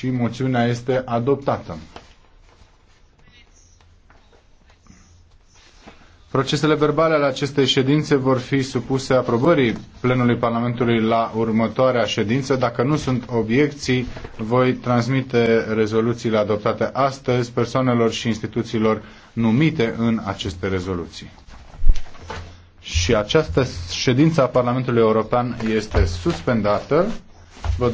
și moțiunea este adoptată. Procesele verbale ale acestei ședințe vor fi supuse aprobării plenului Parlamentului la următoarea ședință. Dacă nu sunt obiecții, voi transmite rezoluțiile adoptate astăzi persoanelor și instituțiilor numite în aceste rezoluții. Și această ședință a Parlamentului European este suspendată. Vă